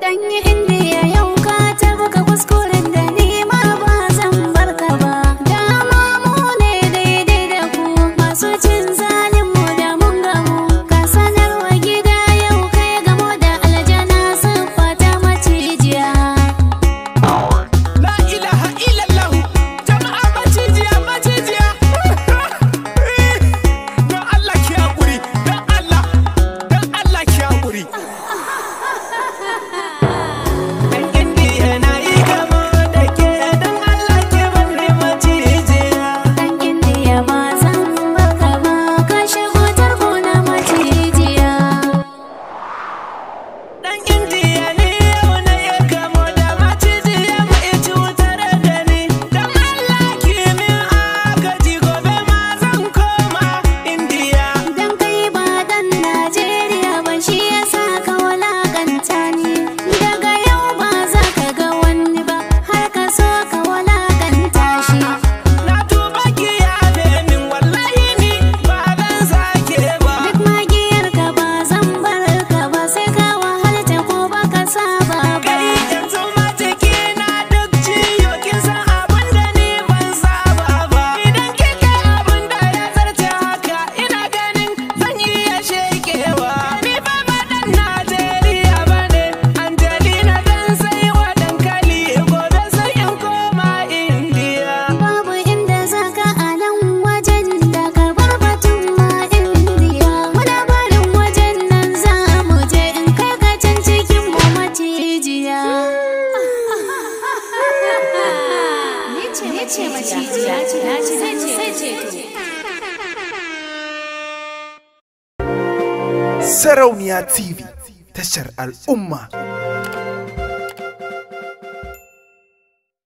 dan yi ya yau ya ce Sarauniya TV tashar al'umma.